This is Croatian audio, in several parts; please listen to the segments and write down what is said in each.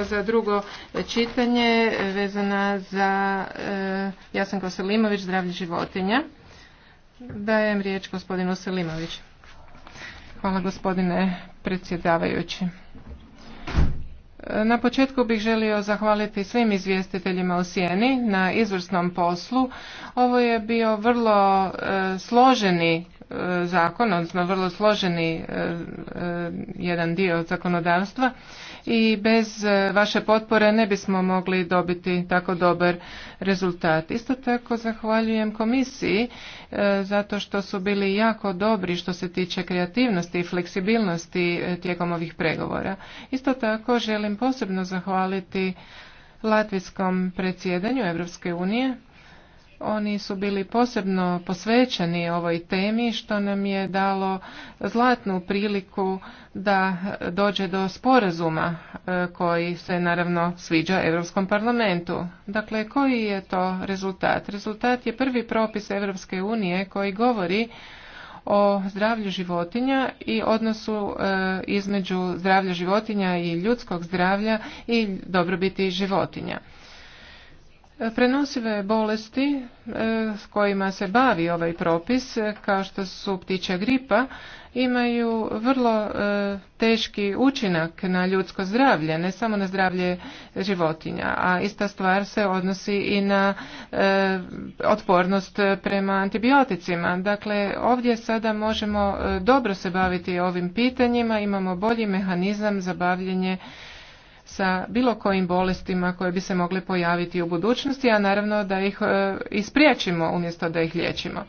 za drugo čitanje vezana za e, Jasenko Selimović, zdravlje životinja. Dajem riječ gospodinu Selimović. Hvala gospodine predsjedavajući. Na početku bih želio zahvaliti svim izvjestiteljima u Sjeni na izvrsnom poslu. Ovo je bio vrlo e, složeni e, zakon, odnosno vrlo složeni e, jedan dio zakonodavstva i bez vaše potpore ne bismo mogli dobiti tako dobar rezultat. Isto tako zahvaljujem komisiji e, zato što su bili jako dobri što se tiče kreativnosti i fleksibilnosti e, tijekom ovih pregovora. Isto tako želim posebno zahvaliti Latvijskom predsjedanju Europske unije oni su bili posebno posvećeni ovoj temi što nam je dalo zlatnu priliku da dođe do sporazuma e, koji se naravno sviđa Europskom parlamentu. Dakle, koji je to rezultat? Rezultat je prvi propis Europske unije koji govori o zdravlju životinja i odnosu e, između zdravlja životinja i ljudskog zdravlja i dobrobiti životinja. Prenosive bolesti e, s kojima se bavi ovaj propis, e, kao što su ptičja gripa, imaju vrlo e, teški učinak na ljudsko zdravlje, ne samo na zdravlje životinja, a ista stvar se odnosi i na otpornost prema antibioticima. Dakle, ovdje sada možemo dobro se baviti ovim pitanjima, imamo bolji mehanizam za bavljenje sa bilo kojim bolestima koje bi se mogle pojaviti u budućnosti, a naravno da ih e, ispriječimo umjesto da ih liječimo.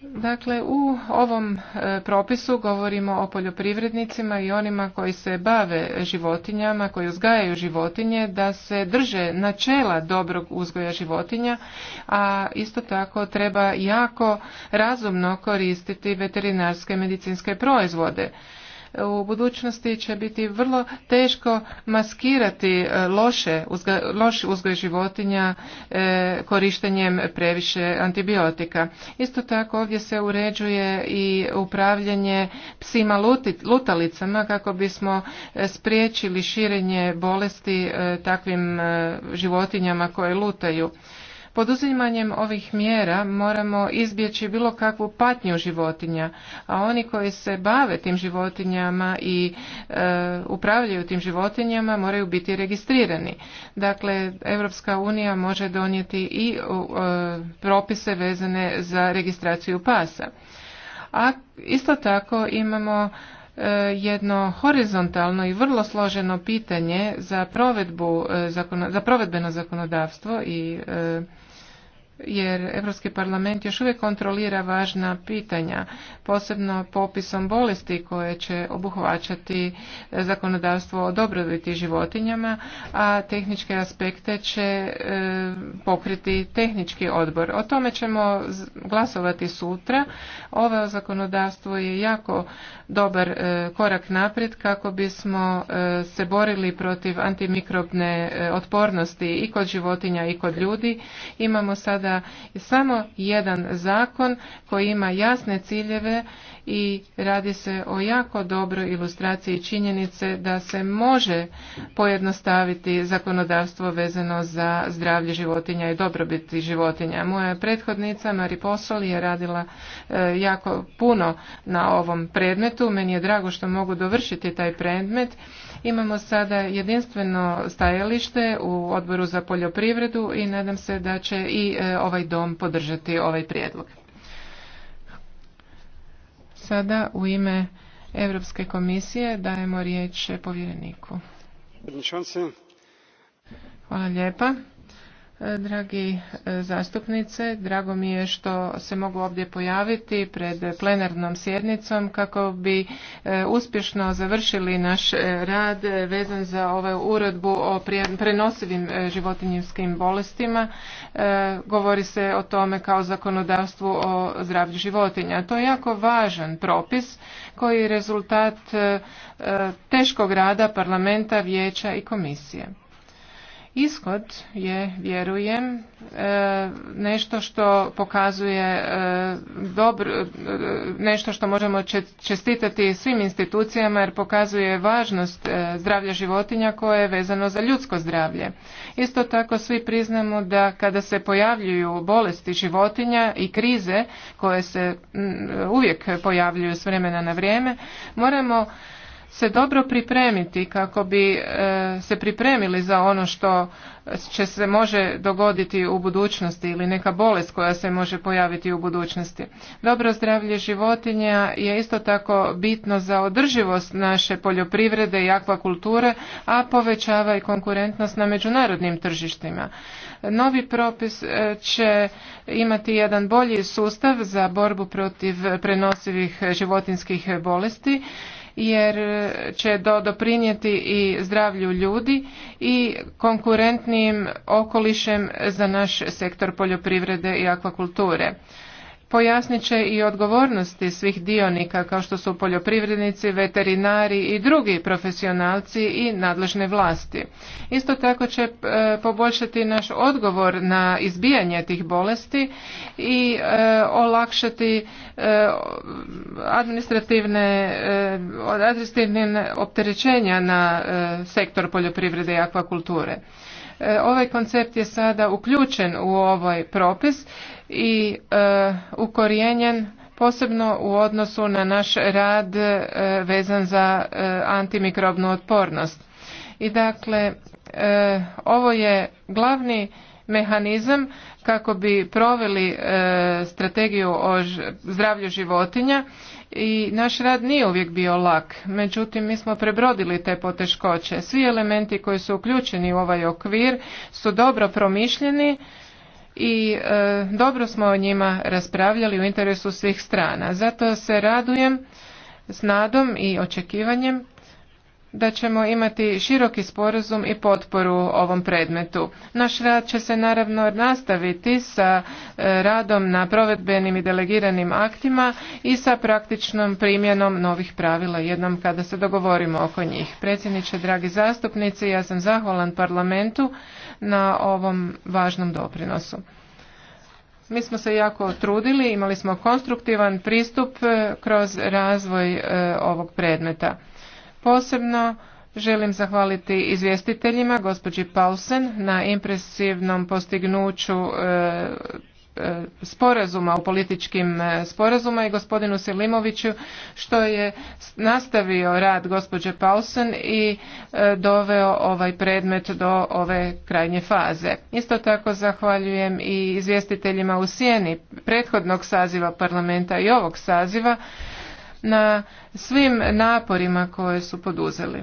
Dakle, u ovom e, propisu govorimo o poljoprivrednicima i onima koji se bave životinjama, koji uzgajaju životinje, da se drže načela dobrog uzgoja životinja, a isto tako treba jako razumno koristiti veterinarske medicinske proizvode u budućnosti će biti vrlo teško maskirati e, loše uzgoj, loš uzgoj životinja e, korištenjem previše antibiotika. Isto tako ovdje se uređuje i upravljanje psima lutalicama kako bismo e, spriječili širenje bolesti takvim životinjama koje lutaju. Poduzimanjem ovih mjera moramo izbjeći bilo kakvu patnju životinja, a oni koji se bave tim životinjama i e, upravljaju tim životinjama moraju biti registrirani. Dakle, Europska unija može donijeti i e, propise vezane za registraciju pasa. A isto tako imamo e, jedno horizontalno i vrlo složeno pitanje za provedbu za provedbeno zakonodavstvo i jer Europski parlament još uvijek kontrolira važna pitanja, posebno popisom bolesti koje će obuhvaćati e, zakonodavstvo o dobrobiti životinjama, a tehničke aspekte će e, pokriti tehnički odbor. O tome ćemo glasovati sutra. Ovo zakonodavstvo je jako dobar e, korak naprijed kako bismo se borili protiv antimikrobne otpornosti i kod životinja i kod ljudi. Imamo sada da je samo jedan zakon koji ima jasne ciljeve i radi se o jako dobroj ilustraciji činjenice da se može pojednostaviti zakonodavstvo vezano za zdravlje životinja i dobrobiti životinja. Moja prethodnica Mari Posol je radila e, jako puno na ovom predmetu. Meni je drago što mogu dovršiti taj predmet Imamo sada jedinstveno stajalište u odboru za poljoprivredu i nadam se da će i e, ovaj dom podržati ovaj prijedlog. Sada u ime Europske komisije dajemo riječ povjereniku. Hvala lijepa. Dragi e, zastupnice, drago mi je što se mogu ovdje pojaviti pred plenarnom sjednicom kako bi e, uspješno završili naš e, rad vezan za ovu ovaj uredbu o prenosivim životinjskim bolestima. Govori se o tome kao zakonodavstvu o zdravlju životinja. To je jako važan propis koji je rezultat teškog rada parlamenta, vijeća i komisije. Ishod je, vjerujem, e, nešto što pokazuje e, dobro, e, nešto što možemo čestitati svim institucijama jer pokazuje važnost zdravlja životinja koje je vezano za ljudsko zdravlje. Isto tako svi priznamo da kada se pojavljuju bolesti životinja i krize koje se uvijek pojavljuju s vremena na vrijeme, moramo se dobro pripremiti kako bi e, se pripremili za ono što će se može dogoditi u budućnosti ili neka bolest koja se može pojaviti u budućnosti. Dobro zdravlje životinja je isto tako bitno za održivost naše poljoprivrede i akvakulture, a povećava i konkurentnost na međunarodnim tržištima. Novi propis e, će imati jedan bolji sustav za borbu protiv prenosivih životinskih bolesti jer će do, doprinijeti i zdravlju ljudi i konkurentnijim okolišem za naš sektor poljoprivrede i akvakulture pojasnit će i odgovornosti svih dionika kao što su poljoprivrednici, veterinari i drugi profesionalci i nadležne vlasti. Isto tako će e, poboljšati naš odgovor na izbijanje tih bolesti i e, olakšati e, administrativne administrativne opterećenja na sektor poljoprivrede i akvakulture. Ovaj koncept je sada uključen u ovaj propis i e, ukorijenjen posebno u odnosu na naš rad e, vezan za e, antimikrobnu otpornost. I dakle, e, ovo je glavni mehanizam kako bi proveli strategiju o zdravlju životinja i naš rad nije uvijek bio lak. Međutim, mi smo prebrodili te poteškoće. Svi elementi koji su uključeni u ovaj okvir su dobro promišljeni i e, dobro smo o njima raspravljali u interesu svih strana. Zato se radujem s nadom i očekivanjem da ćemo imati široki sporazum i potporu ovom predmetu. Naš rad će se naravno nastaviti sa e, radom na provedbenim i delegiranim aktima i sa praktičnom primjenom novih pravila jednom kada se dogovorimo oko njih. Predsjedniče, dragi zastupnici, ja sam zahvalan parlamentu na ovom važnom doprinosu. Mi smo se jako trudili, imali smo konstruktivan pristup e, kroz razvoj e, ovog predmeta. Posebno želim zahvaliti izvjestiteljima, gospođi Paulsen, na impresivnom postignuću e, E, sporazuma o političkim e, sporazuma i gospodinu Selimoviću što je nastavio rad gospođe Paulsen i e, doveo ovaj predmet do ove krajnje faze. Isto tako zahvaljujem i izvjestiteljima u sjeni prethodnog saziva parlamenta i ovog saziva na svim naporima koje su poduzeli.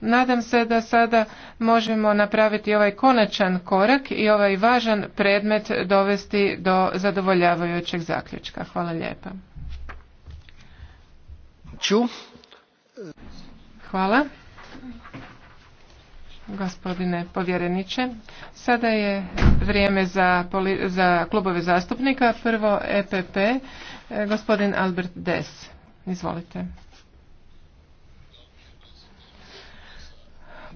Nadam se da sada možemo napraviti ovaj konačan korak i ovaj važan predmet dovesti do zadovoljavajućeg zaključka. Hvala lijepa. Ču. Hvala. Gospodine povjereniče, sada je vrijeme za, za klubove zastupnika. Prvo EPP, gospodin Albert Des. Izvolite.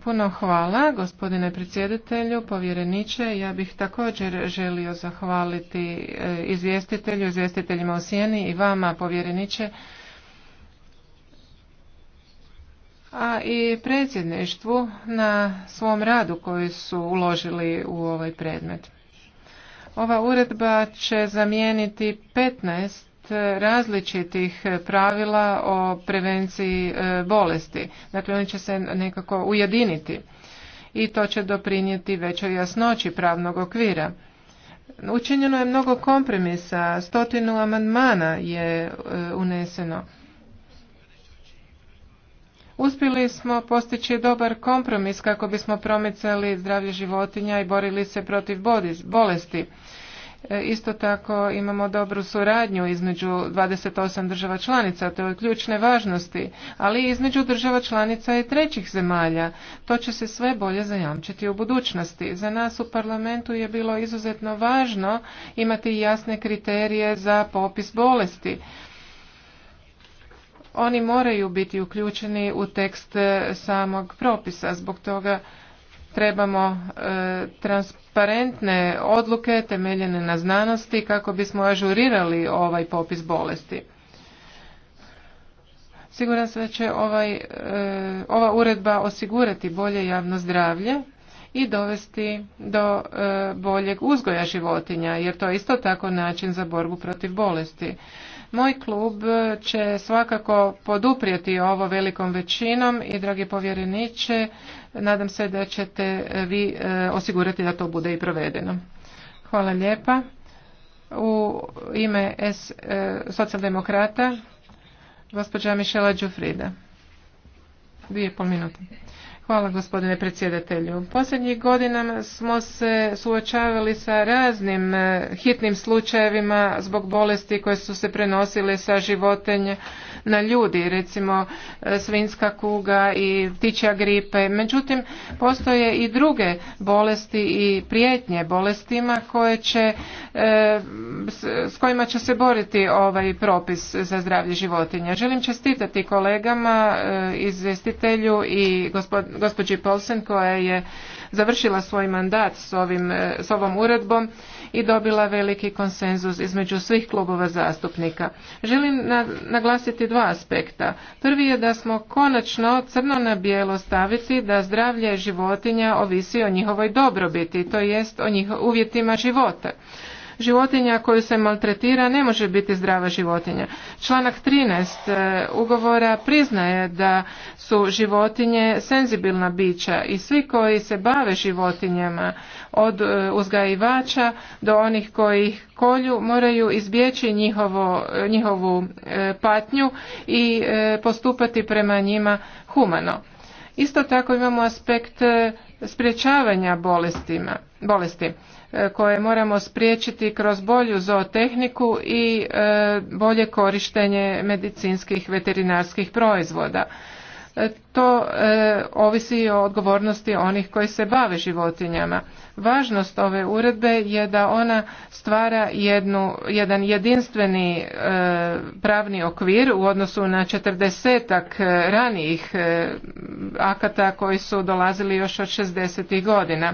Puno hvala gospodine predsjedatelju, povjereniče. Ja bih također želio zahvaliti e, izvjestitelju, izvjestiteljima u Sjeni i vama povjereniče a i predsjedništvu na svom radu koji su uložili u ovaj predmet. Ova uredba će zamijeniti 15 različitih pravila o prevenciji e, bolesti. Dakle, oni će se nekako ujediniti i to će doprinijeti većoj jasnoći pravnog okvira. Učinjeno je mnogo kompromisa, stotinu amandmana je e, uneseno. Uspjeli smo postići dobar kompromis kako bismo promicali zdravlje životinja i borili se protiv bolesti. E, isto tako imamo dobru suradnju između 28 država članica, to je od ključne važnosti, ali i između država članica i trećih zemalja. To će se sve bolje zajamčiti u budućnosti. Za nas u parlamentu je bilo izuzetno važno imati jasne kriterije za popis bolesti. Oni moraju biti uključeni u tekst e, samog propisa, zbog toga trebamo e, transparentne odluke temeljene na znanosti kako bismo ažurirali ovaj popis bolesti. Siguran se da će ovaj, e, ova uredba osigurati bolje javno zdravlje i dovesti do e, boljeg uzgoja životinja jer to je isto tako način za borbu protiv bolesti. Moj klub će svakako poduprijeti ovo velikom većinom i dragi povjereniče, nadam se da ćete vi e, osigurati da to bude i provedeno. Hvala lijepa. U ime e, socijaldemokrata, gospođa Mišela Đufrida. Dvije pol minute. Hvala gospodine predsjedatelju. Posljednjih godina smo se suočavali sa raznim eh, hitnim slučajevima zbog bolesti koje su se prenosile sa životinje na ljudi, recimo e, svinska kuga i ptičja gripe. Međutim, postoje i druge bolesti i prijetnje bolestima koje će, e, s kojima će se boriti ovaj propis za zdravlje životinja. Želim čestitati kolegama, e, izvestitelju i gospođi Polsen koja je završila svoj mandat s, ovim, e, s ovom uredbom i dobila veliki konsenzus između svih klubova zastupnika. Želim naglasiti dva aspekta. Prvi je da smo konačno crno na bijelo staviti da zdravlje životinja ovisi o njihovoj dobrobiti, to jest o njihovim uvjetima života životinja koju se maltretira ne može biti zdrava životinja. Članak 13 e, ugovora priznaje da su životinje senzibilna bića i svi koji se bave životinjama od e, uzgajivača do onih koji ih kolju moraju izbjeći njihovo, e, njihovu patnju i postupati prema njima humano. Isto tako imamo aspekt sprječavanja bolestima, bolesti. E, koje moramo spriječiti kroz bolju zootehniku i e, bolje korištenje medicinskih veterinarskih proizvoda. E, to ovisi i o odgovornosti onih koji se bave životinjama. Važnost ove uredbe je da ona stvara jednu, jedan jedinstveni pravni okvir u odnosu na četrdesetak ranijih e, akata koji su dolazili još od 60. godina.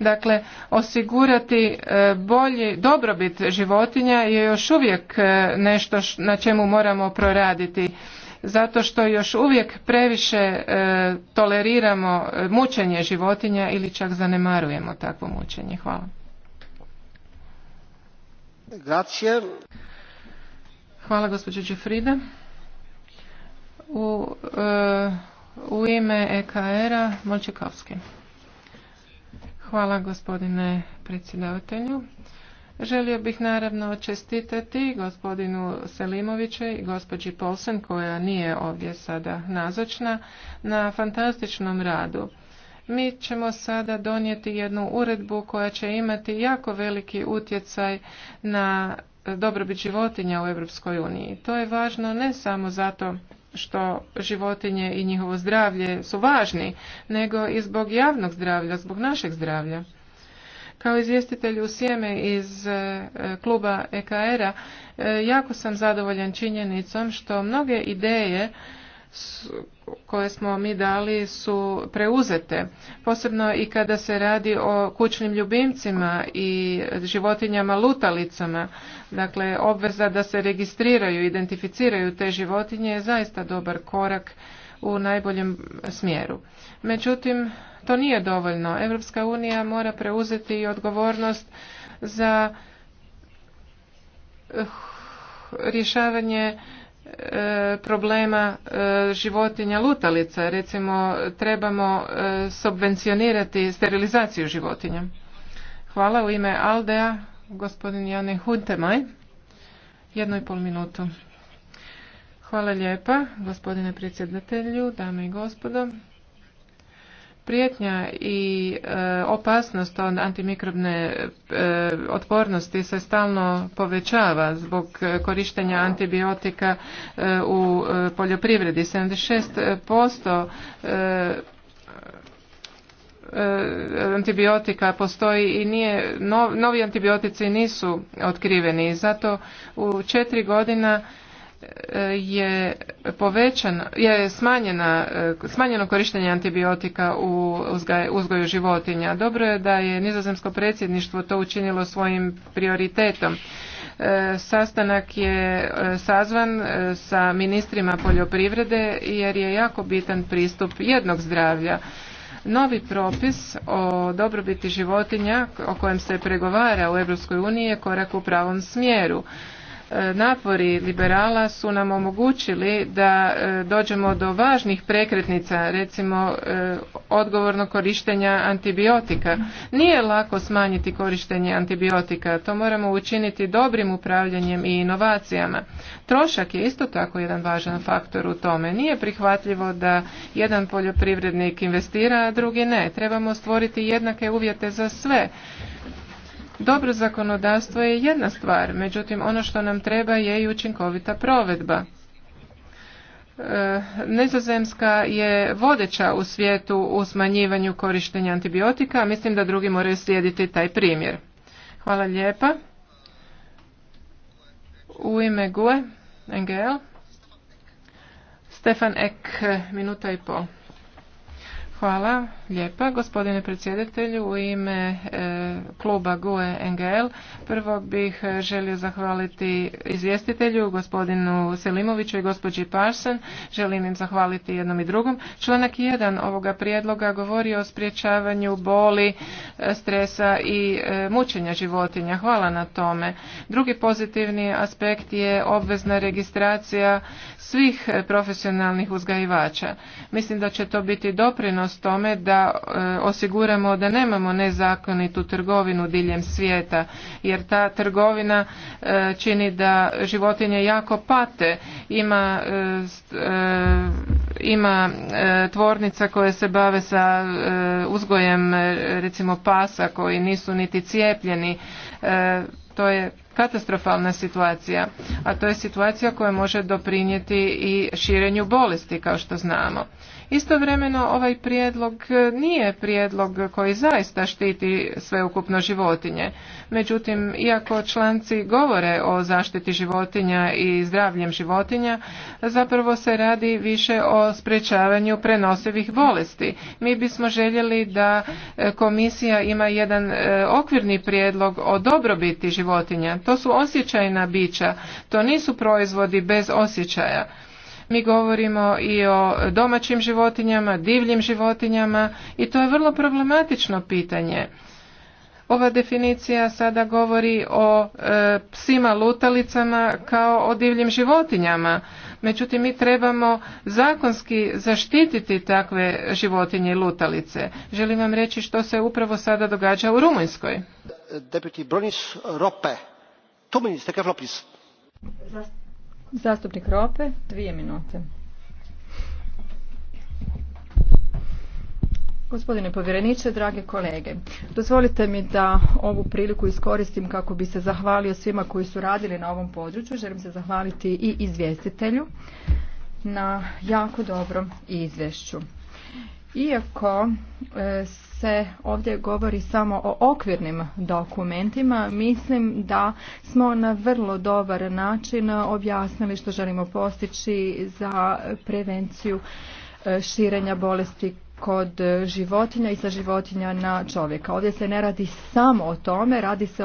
Dakle, osigurati e, bolji dobrobit životinja je još uvijek e, nešto na čemu moramo proraditi zato što još uvijek previše e, toleriramo mučenje životinja ili čak zanemarujemo takvo mučenje. Hvala. Grazie. Hvala gospođo U, u ime EKR-a Hvala gospodine predsjedavatelju. Želio bih naravno čestitati gospodinu Selimoviću i gospođi Polsen koja nije ovdje sada nazočna na fantastičnom radu. Mi ćemo sada donijeti jednu uredbu koja će imati jako veliki utjecaj na dobrobit životinja u Europskoj uniji. To je važno ne samo zato što životinje i njihovo zdravlje su važni, nego i zbog javnog zdravlja, zbog našeg zdravlja. Kao izvjestitelj u sjeme iz e, kluba EKR-a e, jako sam zadovoljan činjenicom što mnoge ideje koje smo mi dali su preuzete. Posebno i kada se radi o kućnim ljubimcima i životinjama lutalicama. Dakle, obveza da se registriraju, identificiraju te životinje je zaista dobar korak u najboljem smjeru. Međutim, to nije dovoljno. Europska unija mora preuzeti i odgovornost za rješavanje E, problema e, životinja lutalica. Recimo, trebamo e, subvencionirati sterilizaciju životinja. Hvala u ime Aldea, gospodin Jane Huntemaj. jednu i pol minutu. Hvala lijepa, gospodine predsjedatelju, dame i gospodo prijetnja i e, opasnost od antimikrobne e, otpornosti se stalno povećava zbog e, korištenja antibiotika u poljoprivredi 76% antibiotika postoji i nije novi antibiotici nisu otkriveni zato u četiri godina je povećan, je smanjena, smanjeno korištenje antibiotika u uzgoju životinja. Dobro je da je nizozemsko predsjedništvo to učinilo svojim prioritetom. E, sastanak je e, sazvan e, sa ministrima poljoprivrede jer je jako bitan pristup jednog zdravlja. Novi propis o dobrobiti životinja o kojem se pregovara u EU je korak u pravom smjeru E, napori liberala su nam omogućili da e, dođemo do važnih prekretnica, recimo e, odgovorno korištenja antibiotika. Nije lako smanjiti korištenje antibiotika, to moramo učiniti dobrim upravljanjem i inovacijama. Trošak je isto tako jedan važan faktor u tome. Nije prihvatljivo da jedan poljoprivrednik investira, a drugi ne. Trebamo stvoriti jednake uvjete za sve dobro zakonodavstvo je jedna stvar, međutim ono što nam treba je i učinkovita provedba. E, Nizozemska je vodeća u svijetu u smanjivanju korištenja antibiotika, a mislim da drugi moraju slijediti taj primjer. Hvala lijepa. U ime GUE, NGL, Stefan Ek, minuta i pol. Hvala lijepa gospodine predsjedatelju u ime e, kluba GUE NGL. Prvo bih e, želio zahvaliti izvjestitelju gospodinu Selimoviću i gospođi Parsen. Želim im zahvaliti jednom i drugom. Članak 1 ovoga prijedloga govori o sprječavanju boli, e, stresa i mučenja životinja. Hvala na tome. Drugi pozitivni aspekt je obvezna registracija svih profesionalnih uzgajivača. Mislim da će to biti doprinos doprinos tome da e, osiguramo da nemamo nezakonitu trgovinu diljem svijeta jer ta trgovina e, čini da životinje jako pate ima e, ima tvornica koje se bave sa uzgojem recimo pasa koji nisu niti cijepljeni to je katastrofalna situacija, a to je situacija koja može doprinijeti i širenju bolesti kao što znamo. Istovremeno ovaj prijedlog nije prijedlog koji zaista štiti sveukupno životinje. Međutim, iako članci govore o zaštiti životinja i zdravljem životinja, zapravo se radi više o sprečavanju prenosivih bolesti. Mi bismo željeli da e, komisija ima jedan e, okvirni prijedlog o dobrobiti životinja. To su osjećajna bića, to nisu proizvodi bez osjećaja. Mi govorimo i o domaćim životinjama, divljim životinjama i to je vrlo problematično pitanje. Ova definicija sada govori o e, psima lutalicama kao o divljim životinjama. Međutim, mi trebamo zakonski zaštititi takve životinje i lutalice. Želim vam reći što se upravo sada događa u Rumunjskoj. Deputy Bronis Rope. Tu Zastupnik Rope, dvije minute. Gospodine povjereniče, drage kolege, dozvolite mi da ovu priliku iskoristim kako bi se zahvalio svima koji su radili na ovom području. Želim se zahvaliti i izvjestitelju na jako dobrom izvješću. Iako e, se ovdje govori samo o okvirnim dokumentima, mislim da smo na vrlo dobar način objasnili što želimo postići za prevenciju e, širenja bolesti kod životinja i sa životinja na čovjeka. Ovdje se ne radi samo o tome, radi se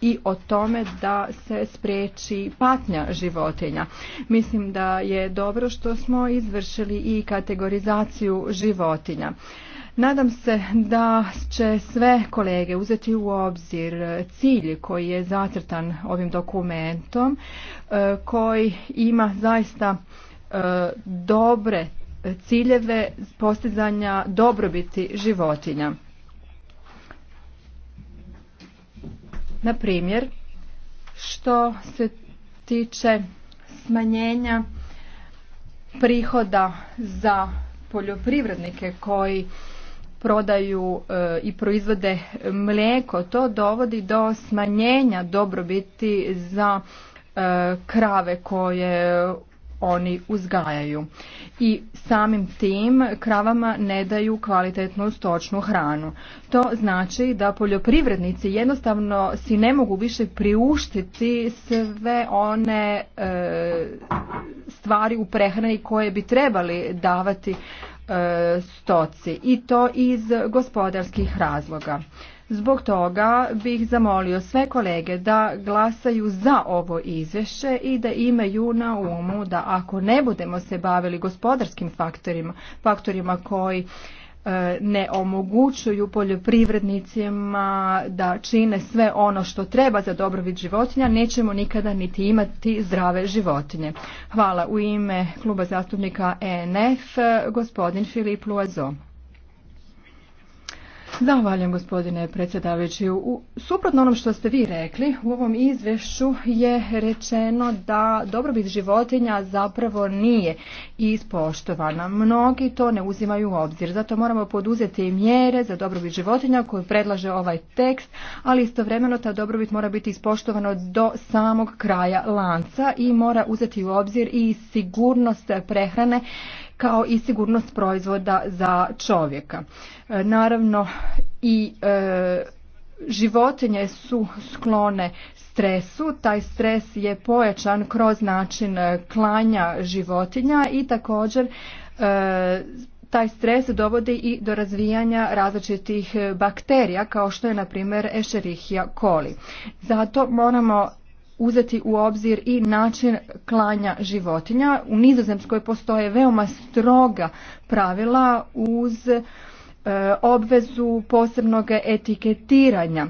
i o tome da se spriječi patnja životinja. Mislim da je dobro što smo izvršili i kategorizaciju životinja. Nadam se da će sve kolege uzeti u obzir cilj koji je zacrtan ovim dokumentom, e, koji ima zaista e, dobre ciljeve postizanja dobrobiti životinja. Na primjer, što se tiče smanjenja prihoda za poljoprivrednike koji prodaju e, i proizvode mlijeko, to dovodi do smanjenja dobrobiti za e, krave koje oni uzgajaju i samim tim kravama ne daju kvalitetnu stočnu hranu. To znači da poljoprivrednici jednostavno si ne mogu više priuštiti sve one e, stvari u prehrani koje bi trebali davati E, stoci i to iz gospodarskih razloga. Zbog toga bih zamolio sve kolege da glasaju za ovo izvješće i da imaju na umu da ako ne budemo se bavili gospodarskim faktorima, faktorima koji E, ne omogućuju poljoprivrednicima da čine sve ono što treba za dobrobit životinja, nećemo nikada niti imati zdrave životinje. Hvala u ime kluba zastupnika ENF, gospodin Filip Luazo. Zahvaljujem gospodine predsjedavajući. U suprotno onom što ste vi rekli, u ovom izvješću je rečeno da dobrobit životinja zapravo nije ispoštovana. Mnogi to ne uzimaju u obzir. Zato moramo poduzeti mjere za dobrobit životinja koju predlaže ovaj tekst, ali istovremeno ta dobrobit mora biti ispoštovana do samog kraja lanca i mora uzeti u obzir i sigurnost prehrane kao i sigurnost proizvoda za čovjeka. E, naravno i e, životinje su sklone stresu. Taj stres je pojačan kroz način e, klanja životinja i također taj stres dovodi i do razvijanja različitih bakterija kao što je na primjer Escherichia coli. Zato moramo uzeti u obzir i način klanja životinja. U Nizozemskoj postoje veoma stroga pravila uz e, obvezu posebnog etiketiranja.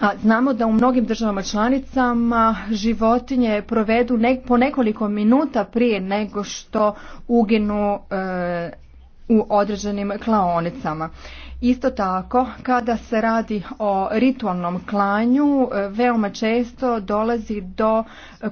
A znamo da u mnogim državama članicama životinje provedu po nekoliko minuta prije nego što uginu e, u određenim klaonicama. Isto tako, kada se radi o ritualnom klanju, e, veoma često dolazi do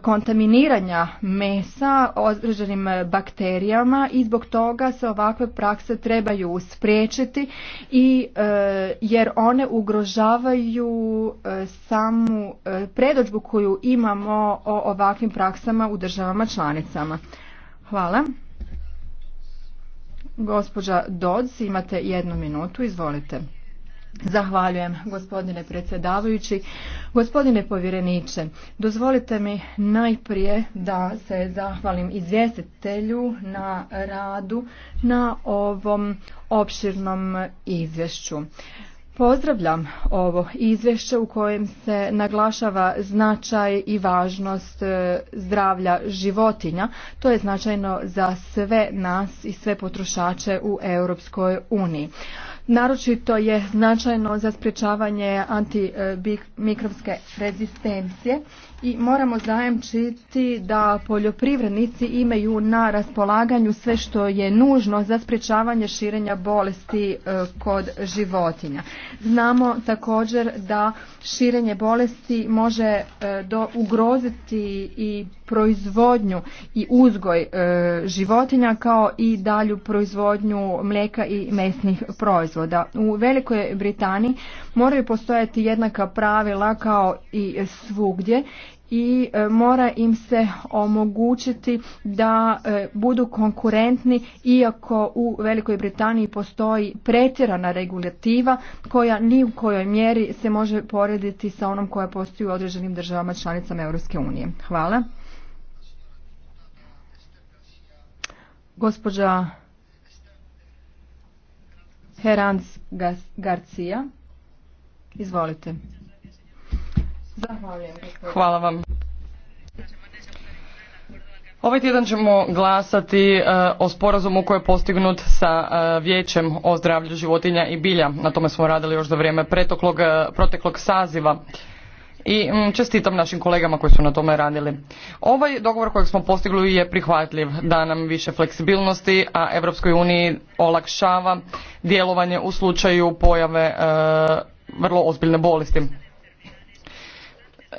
kontaminiranja mesa određenim e, bakterijama i zbog toga se ovakve prakse trebaju spriječiti i e, jer one ugrožavaju samu predođbu koju imamo o ovakvim praksama u državama članicama. Hvala. Gospođa Dodz, imate jednu minutu, izvolite. Zahvaljujem gospodine predsjedavajući. Gospodine povjereniče, dozvolite mi najprije da se zahvalim izvjestitelju na radu na ovom opširnom izvješću. Pozdravljam ovo izvješće u kojem se naglašava značaj i važnost e, zdravlja životinja. To je značajno za sve nas i sve potrošače u Europskoj uniji. Naročito je značajno za sprječavanje antimikrovske rezistencije i moramo zajamčiti da poljoprivrednici imaju na raspolaganju sve što je nužno za sprječavanje širenja bolesti e, kod životinja. Znamo također da širenje bolesti može e, ugroziti i proizvodnju i uzgoj e, životinja kao i dalju proizvodnju mlijeka i mesnih proizvoda proizvoda. U Velikoj Britaniji moraju postojati jednaka pravila kao i svugdje i e, mora im se omogućiti da e, budu konkurentni iako u Velikoj Britaniji postoji pretjerana regulativa koja ni u kojoj mjeri se može porediti sa onom koja postoji u određenim državama članicama Europske unije. Hvala. Gospođa Herans Garcia. Izvolite. Zahvaljujem. Hvala vam. Ovaj tjedan ćemo glasati e, o sporazumu koji je postignut sa e, vijećem o zdravlju životinja i bilja. Na tome smo radili još za vrijeme proteklog e, saziva i mm, čestitam našim kolegama koji su na tome radili. Ovaj dogovor kojeg smo postigli je prihvatljiv, da nam više fleksibilnosti, a Europskoj uniji olakšava djelovanje u slučaju pojave e, vrlo ozbiljne bolesti.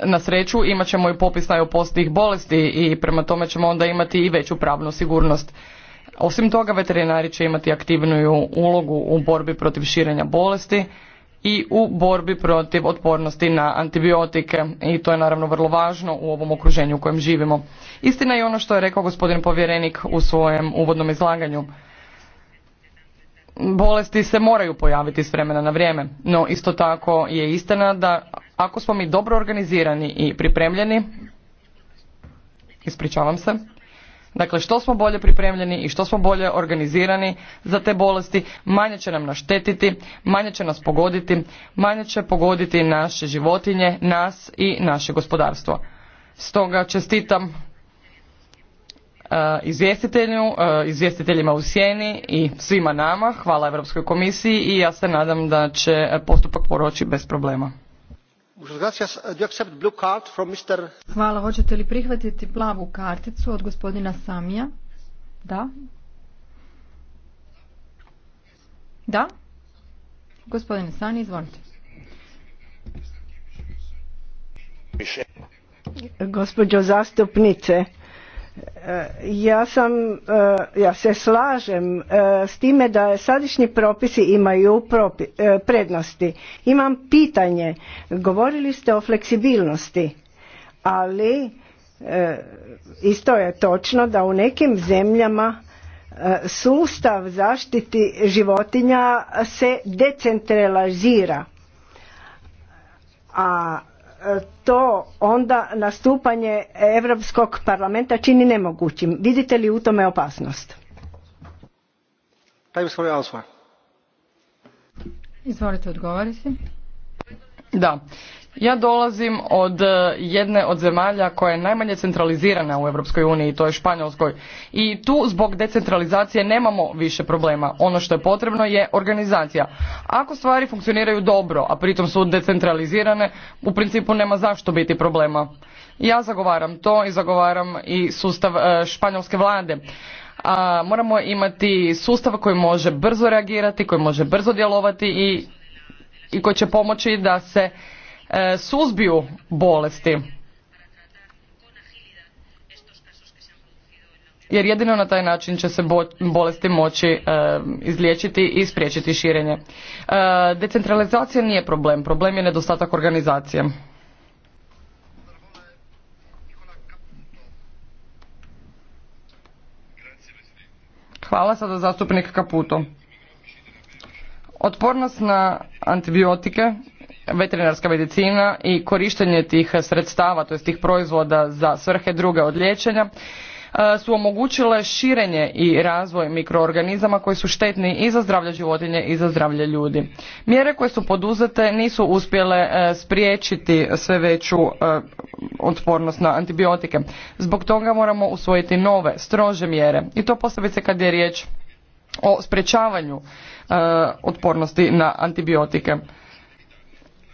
Na sreću imat ćemo i popis najopostijih bolesti i prema tome ćemo onda imati i veću pravnu sigurnost. Osim toga, veterinari će imati aktivniju ulogu u borbi protiv širenja bolesti, i u borbi protiv otpornosti na antibiotike i to je naravno vrlo važno u ovom okruženju u kojem živimo. Istina je ono što je rekao gospodin povjerenik u svojem uvodnom izlaganju. Bolesti se moraju pojaviti s vremena na vrijeme, no isto tako je istina da ako smo mi dobro organizirani i pripremljeni, ispričavam se, Dakle, što smo bolje pripremljeni i što smo bolje organizirani za te bolesti, manje će nam naštetiti, manje će nas pogoditi, manje će pogoditi naše životinje, nas i naše gospodarstvo. Stoga čestitam e, izvjestitelju, e, izvjestiteljima u sjeni i svima nama. Hvala Europskoj komisiji i ja se nadam da će postupak poroći bez problema. Uh, Hvala. Hoćete li prihvatiti plavu karticu od gospodina Samija? Da. Da. Gospodine Sani, izvolite. Gospođo zastupnice, ja sam eh, ja se slažem eh, s time da sadašnji propisi imaju eh, prednosti imam pitanje govorili ste o fleksibilnosti ali isto je točno da u nekim zemljama sustav zaštiti životinja se decentralizira a to onda nastupanje Europskog parlamenta čini nemogućim. Vidite li u tome opasnost? Izvolite Da. Ja dolazim od e, jedne od zemalja koja je najmanje centralizirana u Europskoj uniji, to je Španjolskoj. I tu zbog decentralizacije nemamo više problema. Ono što je potrebno je organizacija. Ako stvari funkcioniraju dobro, a pritom su decentralizirane, u principu nema zašto biti problema. Ja zagovaram to i zagovaram i sustav e, španjolske vlade. A, moramo imati sustav koji može brzo reagirati, koji može brzo djelovati i, i koji će pomoći da se E, suzbiju bolesti. Jer jedino na taj način će se bolesti moći e, izliječiti i spriječiti širenje. E, decentralizacija nije problem, problem je nedostatak organizacije. Hvala sada zastupnik Kaputo. Otpornost na antibiotike veterinarska medicina i korištenje tih sredstava, to tih proizvoda za svrhe druge od liječenja, e, su omogućile širenje i razvoj mikroorganizama koji su štetni i za zdravlje životinje i za zdravlje ljudi. Mjere koje su poduzete nisu uspjele e, spriječiti sve veću e, otpornost na antibiotike. Zbog toga moramo usvojiti nove, strože mjere i to posebice kad je riječ o sprječavanju otpornosti na antibiotike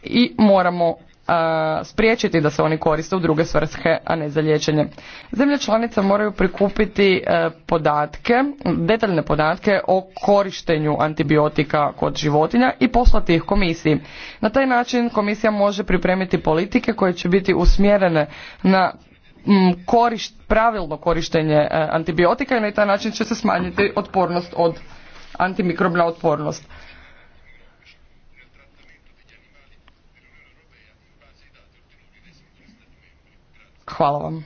i moramo e, spriječiti da se oni koriste u druge svrhe, a ne za liječenje. Zemlje članice moraju prikupiti e, podatke, detaljne podatke o korištenju antibiotika kod životinja i poslati ih komisiji. Na taj način komisija može pripremiti politike koje će biti usmjerene na pravilno korištenje e, antibiotika i na taj način će se smanjiti otpornost od antimikrobna otpornost. Hvala vam. Uh,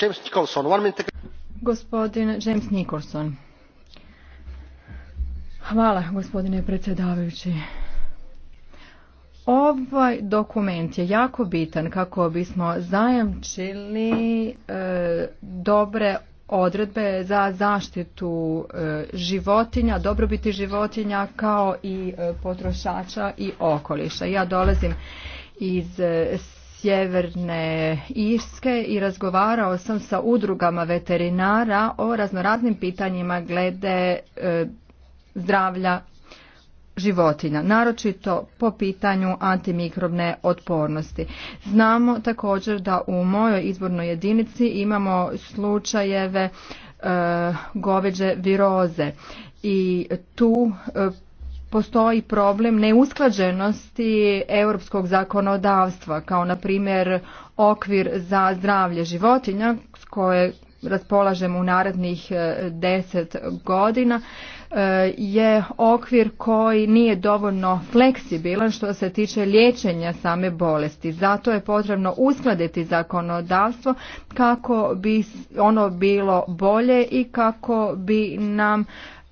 James Nicholson, Gospodin James Nicholson. Hvala gospodine predsjedavajući. Ovaj dokument je jako bitan kako bismo zajamčili e, dobre odredbe za zaštitu e, životinja, dobrobiti životinja kao i e, potrošača i okoliša. Ja dolazim iz e, Sjeverne Irske i razgovarao sam sa udrugama veterinara o raznoraznim pitanjima glede zdravlja životinja, naročito po pitanju antimikrobne otpornosti. Znamo također da u mojoj izbornoj jedinici imamo slučajeve e, goveđe viroze i tu e, postoji problem neusklađenosti europskog zakonodavstva kao na primjer okvir za zdravlje životinja koje raspolažemo u narednih e, deset godina E, je okvir koji nije dovoljno fleksibilan što se tiče liječenja same bolesti. Zato je potrebno uskladiti zakonodavstvo kako bi ono bilo bolje i kako bi nam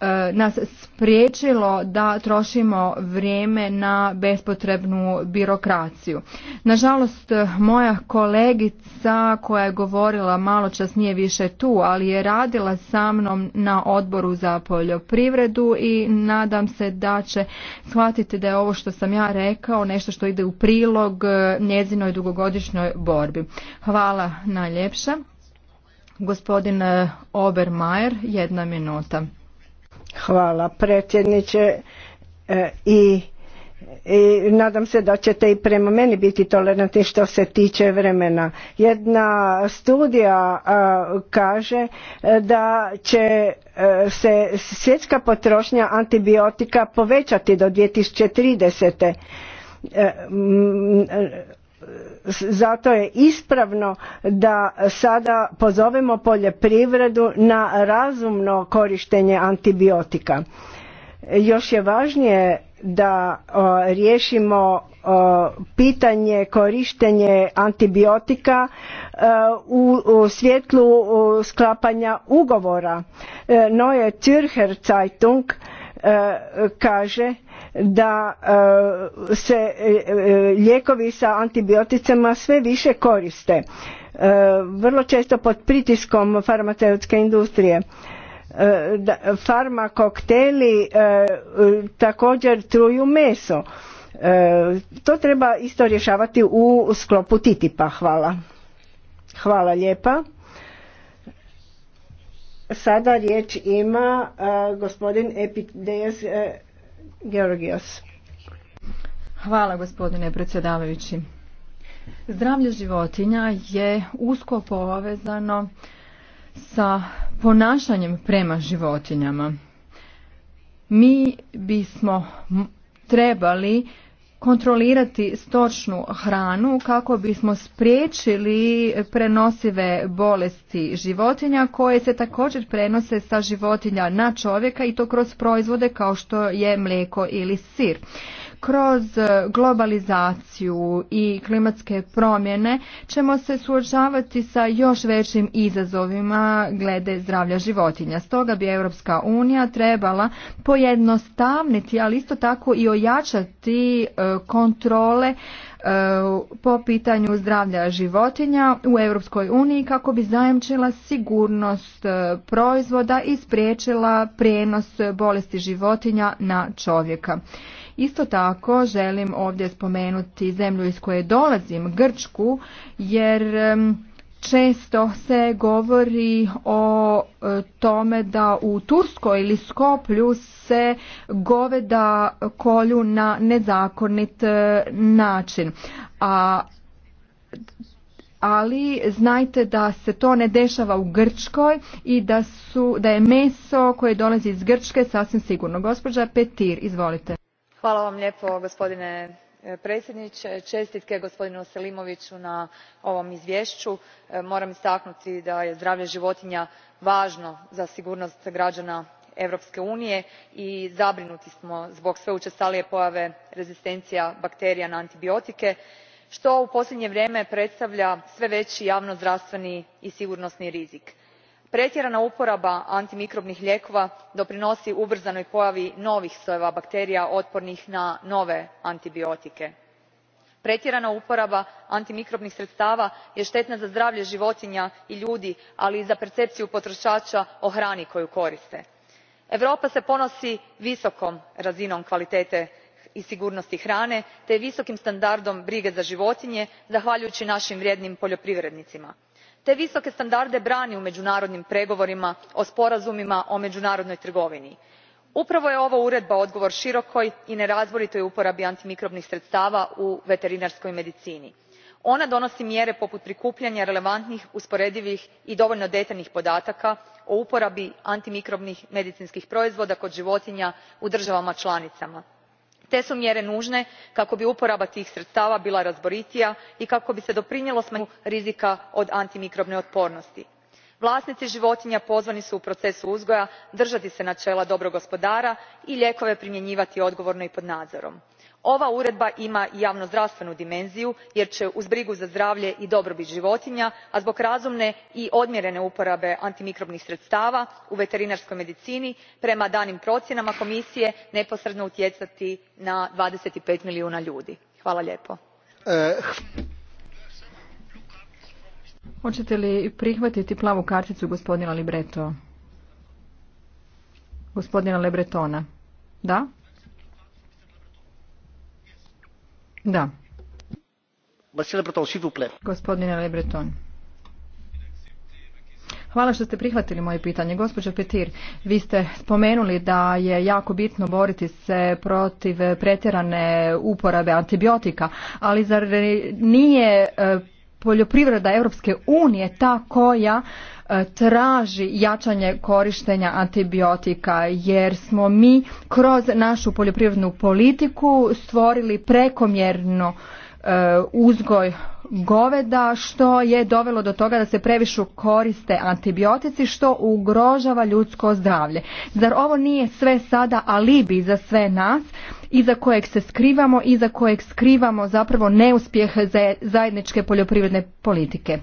E, nas spriječilo da trošimo vrijeme na bespotrebnu birokraciju. Nažalost, moja kolegica koja je govorila malo čas nije više tu, ali je radila sa mnom na odboru za poljoprivredu i nadam se da će shvatiti da je ovo što sam ja rekao nešto što ide u prilog e, njezinoj dugogodišnjoj borbi. Hvala najljepša. Gospodin e, Obermajer, jedna minuta. Hvala predsjedniče e, i nadam se da ćete i prema meni biti tolerantni što se tiče vremena. Jedna studija e, kaže e, da će se svjetska potrošnja antibiotika povećati do 2030 zato je ispravno da sada pozovemo poljoprivredu na razumno korištenje antibiotika još je važnije da o, riješimo pitanje korištenje antibiotika e, u, u svjetlu sklapanja ugovora. E, Noje Zürcher Zeitung e, kaže da e, se e, e, lijekovi sa antibioticama sve više koriste vrlo često pod pritiskom farmaceutske industrije Farmakokteli također truju meso to treba isto rješavati u sklopu titipa. Hvala. Hvala lijepa. Sada riječ ima gospodin Epideus Hvala gospodine predsjedavajući. Zdravlje životinja je usko povezano sa ponašanjem prema životinjama. Mi bismo trebali kontrolirati stočnu hranu kako bismo spriječili prenosive bolesti životinja koje se također prenose sa životinja na čovjeka i to kroz proizvode kao što je mlijeko ili sir kroz e, globalizaciju i klimatske promjene ćemo se suočavati sa još većim izazovima glede zdravlja životinja. Stoga bi Europska unija trebala pojednostavniti, ali isto tako i ojačati e, kontrole e, po pitanju zdravlja životinja u Europskoj uniji kako bi zajamčila sigurnost proizvoda i spriječila prijenos bolesti životinja na čovjeka. Isto tako želim ovdje spomenuti zemlju iz koje dolazim, Grčku, jer često se govori o e, tome da u Turskoj ili Skoplju se goveda kolju na nezakonit e, način. A ali znajte da se to ne dešava u Grčkoj i da, su, da je meso koje dolazi iz Grčke sasvim sigurno. Gospođa Petir, izvolite gospodine e, predsjednie Čestitke gospodinu selimoviu na ovom izvješću. E, moram istaknuti da je zdravlje životinja vano za sigurnost građana europske unije i zabrinuti smo zbog sve uestalije pojave rezistencija bakterija na antibiotike što u posljednje vrijeme predstavlja sve vei javnozdravstveni i sigurnosni rizik pretjerana uporaba antimikrobnih lijekova doprinosi ubrzanoj pojavi novih sojeva bakterija otpornih na nove antibiotike. pretjerana uporaba antimikrobnih sredstava je štetna za zdravlje životinja i ljudi ali i za percepciju potrošača o hrani koju koriste. europa se ponosi visokom razinom kvalitete i sigurnosti hrane te visokim standardom brige za životinje zahvaljujući našim vrijednim poljoprivrednicima te visoke standarde brani u međunarodnim pregovorima o sporazumima o međunarodnoj trgovini. upravo je ova uredba odgovor širokoj i nerazboritoj uporabi antimikrobnih sredstava u veterinarskoj medicini. ona donosi mjere poput prikupljanja relevantnih usporedivih i dovoljno detaljnih podataka o uporabi antimikrobnih medicinskih proizvoda kod životinja u državama članicama te su mjere nužne kako bi uporaba tih sredstava bila razboritija i kako bi se doprinijelo smanjenju rizika od antimikrobne otpornosti. vlasnici životinja pozvani su u procesu uzgoja držati se načela dobrog gospodara i lijekove primjenjivati odgovorno i pod nadzorom ova uredba ima i javnozdravstvenu dimenziju jer će uz brigu za zdravlje i dobrobit životinja a zbog razumne i odmjerene uporabe antimikrobnih sredstava u veterinarskoj medicini prema danim procjenama komisije neposredno utjecati na dvadeset milijuna ljudi. hvala lijepo. Eh, hoćete li prihvatiti plavu karticu gospodina gospodina da Da. Gospodine Breton. Hvala što ste prihvatili moje pitanje. Gospođo Petir, vi ste spomenuli da je jako bitno boriti se protiv pretjerane uporabe antibiotika, ali zar nije e, poljoprivreda Europske unije ta koja e, traži jačanje korištenja antibiotika jer smo mi kroz našu poljoprivrednu politiku stvorili prekomjerno e, uzgoj goveda što je dovelo do toga da se previše koriste antibiotici što ugrožava ljudsko zdravlje. Zar ovo nije sve sada alibi za sve nas iza kojeg se skrivamo, iza kojeg skrivamo zapravo neuspjeh zajedničke poljoprivredne politike?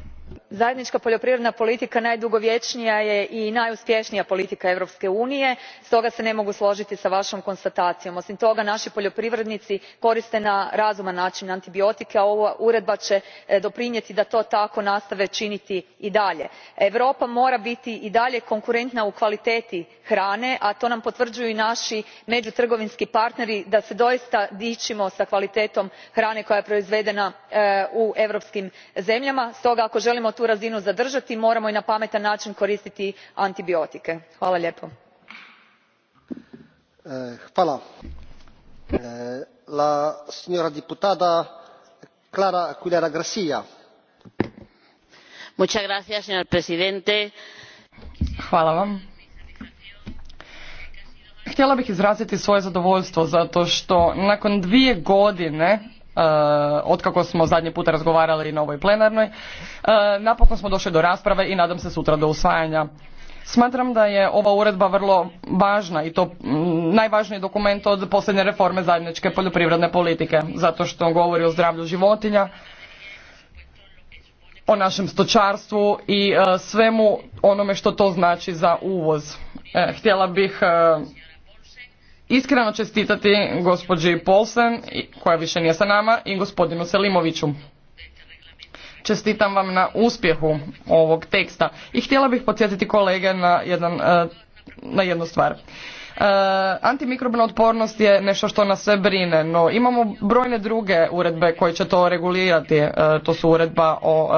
zajednička poljoprivredna politika najdugovječnija je i najuspješnija politika europske unije stoga se ne mogu složiti s vašom konstatacijom. osim toga naši poljoprivrednici koriste na razuman način antibiotike a ova uredba će e, doprinijeti da to tako nastave činiti i dalje. europa mora biti i dalje konkurentna u kvaliteti hrane a to nam potvrđuju i naši međutrgovinski partneri da se doista dičimo s kvalitetom hrane koja je proizvedena e, u europskim zemljama. stoga ako želimo razinu zadržati moramo i na pametan način koristiti antibiotike. E, e, señor presidente htjela bih izraziti svoje zadovoljstvo zato što nakon dvije godine Eh, otkako smo zadnji puta razgovarali na ovoj plenarnoj, eh, napokon smo došli do rasprave i nadam se sutra do usvajanja. Smatram da je ova uredba vrlo važna i to mm, najvažniji dokument od posljednje reforme zajedničke poljoprivredne politike, zato što govori o zdravlju životinja, o našem stočarstvu i eh, svemu onome što to znači za uvoz. Htjela bih iskreno čestitati gospođi Polsen, koja više nije sa nama, i gospodinu Selimoviću. Čestitam vam na uspjehu ovog teksta i htjela bih podsjetiti kolege na, jedan, e, na jednu stvar. E, antimikrobna otpornost je nešto što nas sve brine, no imamo brojne druge uredbe koje će to regulirati. E, to su uredba o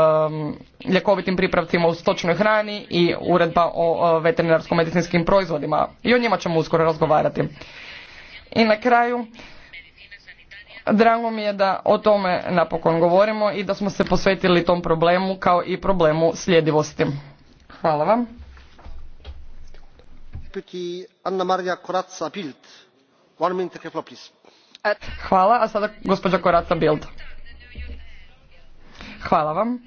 ljekovitim pripravcima u stočnoj hrani i uredba o veterinarsko-medicinskim proizvodima. I o njima ćemo uskoro razgovarati. I na kraju, drago mi je da o tome napokon govorimo i da smo se posvetili tom problemu kao i problemu sljedivosti. Hvala vam. Hvala, a sada gospođa Koraca Bild. Hvala vam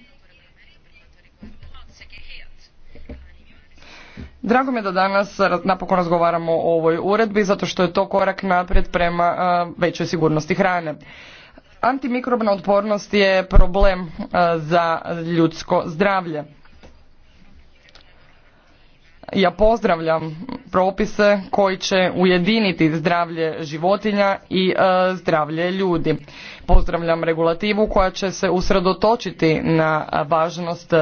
Drago mi je da danas napokon razgovaramo o ovoj uredbi zato što je to korak naprijed prema većoj sigurnosti hrane. Antimikrobna otpornost je problem za ljudsko zdravlje. Ja pozdravljam propise koji će ujediniti zdravlje životinja i zdravlje ljudi. Pozdravljam regulativu koja će se usredotočiti na važnost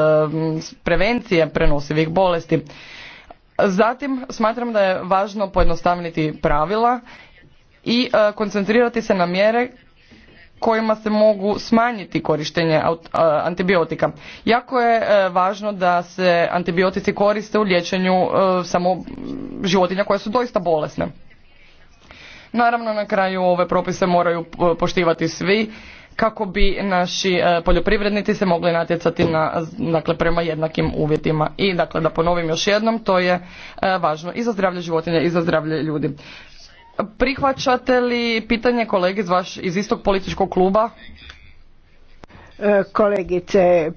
prevencije prenosivih bolesti Zatim smatram da je važno pojednostaviti pravila i e, koncentrirati se na mjere kojima se mogu smanjiti korištenje e, antibiotika. Jako je e, važno da se antibiotici koriste u liječenju samo životinja koje su doista bolesne. Naravno na kraju ove propise moraju poštivati svi kako bi naši e, poljoprivrednici se mogli natjecati na, dakle, prema jednakim uvjetima. I dakle, da ponovim još jednom, to je e, važno i za zdravlje životinja i za zdravlje ljudi. Prihvaćate li pitanje kolege iz, iz istog političkog kluba? E, kolegice,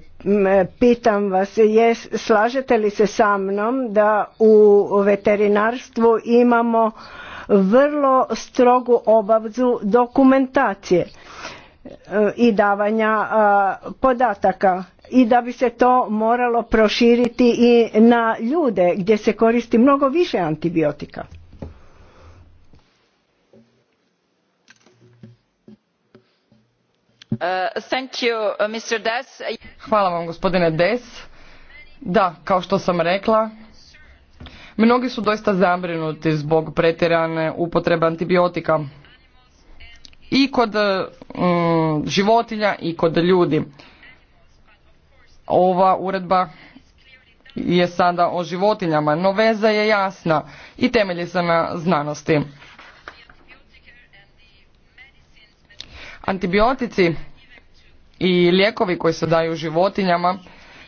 pitam vas, je slažete li se sa mnom da u veterinarstvu imamo vrlo strogu obavzu dokumentacije? i davanja e, podataka i da bi se to moralo proširiti i na ljude gdje se koristi mnogo više antibiotika. Uh, uh, Hvala vam gospodine Des. Da, kao što sam rekla, mnogi su doista zabrinuti zbog pretjerane upotrebe antibiotika i kod e, mm, životinja i kod ljudi. Ova uredba je sada o životinjama, no veza je jasna i temelji se na znanosti. Antibiotici i lijekovi koji se daju životinjama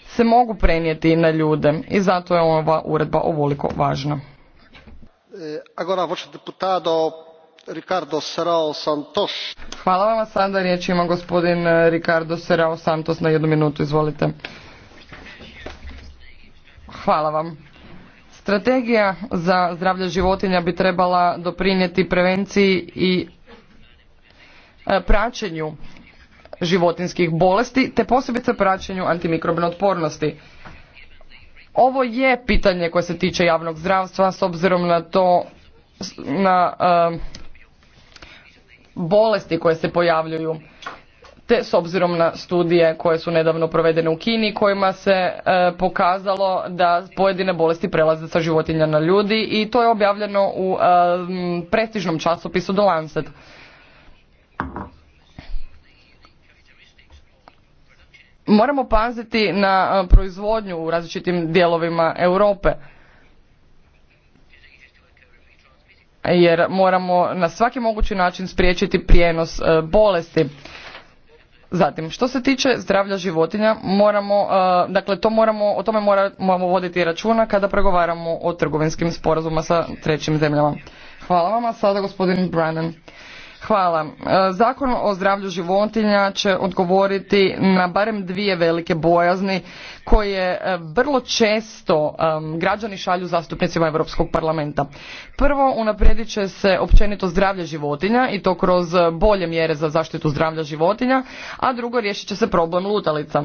se mogu prenijeti na ljude i zato je ova uredba ovoliko važna. E, agora, deputado Ricardo Hvala vam, riječ ima gospodin eh, Ricardo Serao Santos na jednu minutu, izvolite. Hvala vam. Strategija za zdravlje životinja bi trebala doprinijeti prevenciji i eh, praćenju životinskih bolesti te posebice praćenju antimikrobne otpornosti. Ovo je pitanje koje se tiče javnog zdravstva s obzirom na to na eh, bolesti koje se pojavljuju te s obzirom na studije koje su nedavno provedene u Kini kojima se e, pokazalo da pojedine bolesti prelaze sa životinja na ljudi i to je objavljeno u e, prestižnom časopisu The Lancet. Moramo paziti na e, proizvodnju u različitim dijelovima Europe. jer moramo na svaki mogući način spriječiti prijenos e, bolesti. Zatim, što se tiče zdravlja životinja, moramo, e, dakle, to moramo, o tome moramo voditi računa kada pregovaramo o trgovinskim sporazuma sa trećim zemljama. Hvala vam, a sada gospodin Brannan. Hvala. E, Zakon o zdravlju životinja će odgovoriti na barem dvije velike bojazni koje e, vrlo često e, građani šalju zastupnicima Europskog parlamenta. Prvo, unaprijedit će se općenito zdravlje životinja i to kroz bolje mjere za zaštitu zdravlja životinja, a drugo, riješit će se problem lutalica.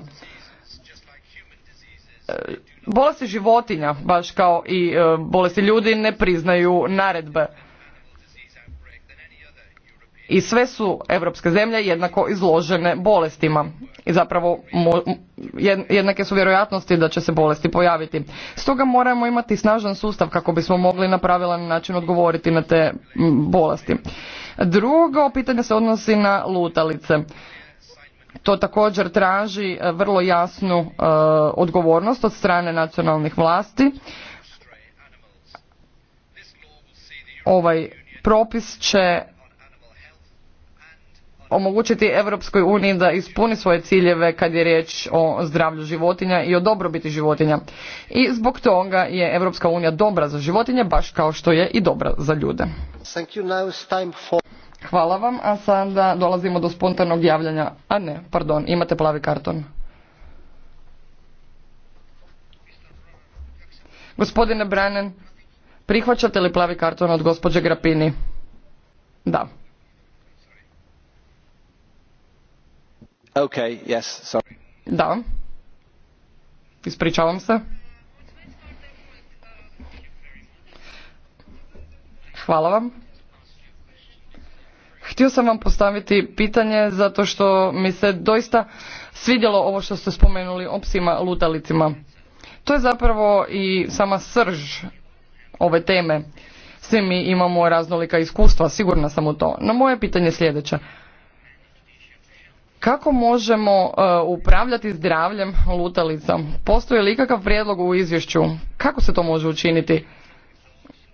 Bolesti životinja, baš kao i bolesti ljudi, ne priznaju naredbe i sve su europske zemlje jednako izložene bolestima i zapravo jednake su vjerojatnosti da će se bolesti pojaviti. Stoga moramo imati snažan sustav kako bismo mogli na pravilan način odgovoriti na te bolesti. Drugo pitanje se odnosi na lutalice. To također traži e, vrlo jasnu e, odgovornost od strane nacionalnih vlasti. Ovaj propis će omogućiti Europskoj uniji da ispuni svoje ciljeve kad je riječ o zdravlju životinja i o dobrobiti životinja. I zbog toga je Europska unija dobra za životinje, baš kao što je i dobra za ljude. Hvala vam, a sada dolazimo do spontanog javljanja. A ne, pardon, imate plavi karton. Gospodine Branen, prihvaćate li plavi karton od gospođe Grapini? Da. yes, sorry. Da. Ispričavam se. Htio sam vam postaviti pitanje zato što mi se doista svidjelo ovo što ste spomenuli o psima lutalicima. To je zapravo i sama srž ove teme. Svi mi imamo raznolika iskustva, sigurna sam u to. No moje pitanje je sljedeće. Kako možemo uh, upravljati zdravljem lutalica? Postoji li ikakav prijedlog u izvješću? Kako se to može učiniti?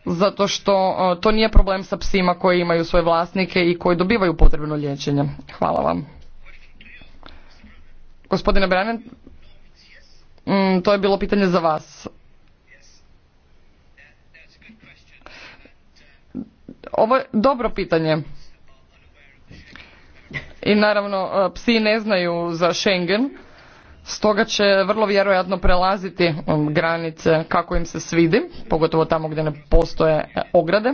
Zato što uh, to nije problem sa psima koji imaju svoje vlasnike i koji dobivaju potrebno liječenje. Hvala vam. Gospodine mm, to je bilo pitanje za vas. Ovo je dobro pitanje i naravno e, psi ne znaju za Schengen, stoga će vrlo vjerojatno prelaziti um, granice kako im se svidi, pogotovo tamo gdje ne postoje e, ograde.